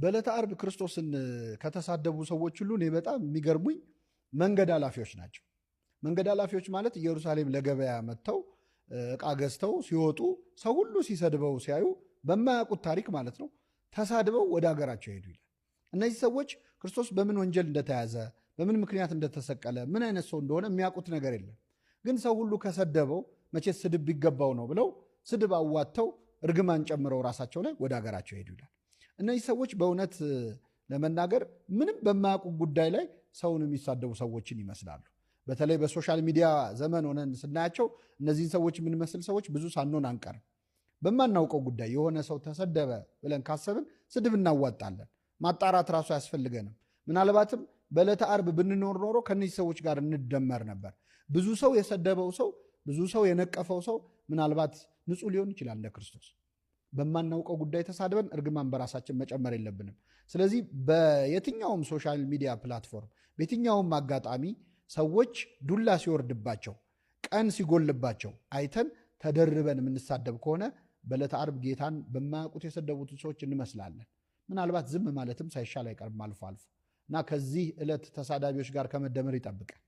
በዕለተ ዓርብ ክርስቶስን ከተሳደቡ ሰዎች ሁሉ እኔ በጣም የሚገርሙኝ መንገድ ኃላፊዎች ናቸው። መንገድ ኃላፊዎች ማለት ኢየሩሳሌም ለገበያ መጥተው እቃ ገዝተው ሲወጡ ሰው ሁሉ ሲሰድበው ሲያዩ በማያውቁት ታሪክ ማለት ነው ተሳድበው ወደ አገራቸው ሄዱ ይላል። እነዚህ ሰዎች ክርስቶስ በምን ወንጀል እንደተያዘ፣ በምን ምክንያት እንደተሰቀለ፣ ምን አይነት ሰው እንደሆነ የሚያውቁት ነገር የለም። ግን ሰው ሁሉ ከሰደበው መቼ ስድብ ቢገባው ነው ብለው ስድብ አዋጥተው እርግማን ጨምረው ራሳቸው ላይ ወደ አገራቸው ሄዱ ይላል። እነዚህ ሰዎች በእውነት ለመናገር ምንም በማያውቁ ጉዳይ ላይ ሰውን የሚሳደቡ ሰዎችን ይመስላሉ። በተለይ በሶሻል ሚዲያ ዘመን ሆነን ስናያቸው እነዚህን ሰዎች የምንመስል ሰዎች ብዙ ሳንሆን አንቀርም። በማናውቀው ጉዳይ የሆነ ሰው ተሰደበ ብለን ካሰብን ስድብ እናዋጣለን። ማጣራት ራሱ አያስፈልገንም። ምናልባትም በዕለተ ዓርብ ብንኖር ኖሮ ከነዚህ ሰዎች ጋር እንደመር ነበር። ብዙ ሰው የሰደበው ሰው፣ ብዙ ሰው የነቀፈው ሰው ምናልባት ንጹሕ ሊሆን ይችላል ለክርስቶስ በማናውቀው ጉዳይ ተሳድበን እርግማን በራሳችን መጨመር የለብንም። ስለዚህ በየትኛውም ሶሻል ሚዲያ ፕላትፎርም በየትኛውም አጋጣሚ ሰዎች ዱላ ሲወርድባቸው፣ ቀን ሲጎልባቸው አይተን ተደርበን የምንሳደብ ከሆነ በዕለተ ዓርብ ጌታን በማያውቁት የሰደቡትን ሰዎች እንመስላለን። ምናልባት ዝም ማለትም ሳይሻል አይቀርም አልፎ አልፎ እና ከዚህ ዕለት ተሳዳቢዎች ጋር ከመደመር ይጠብቀን።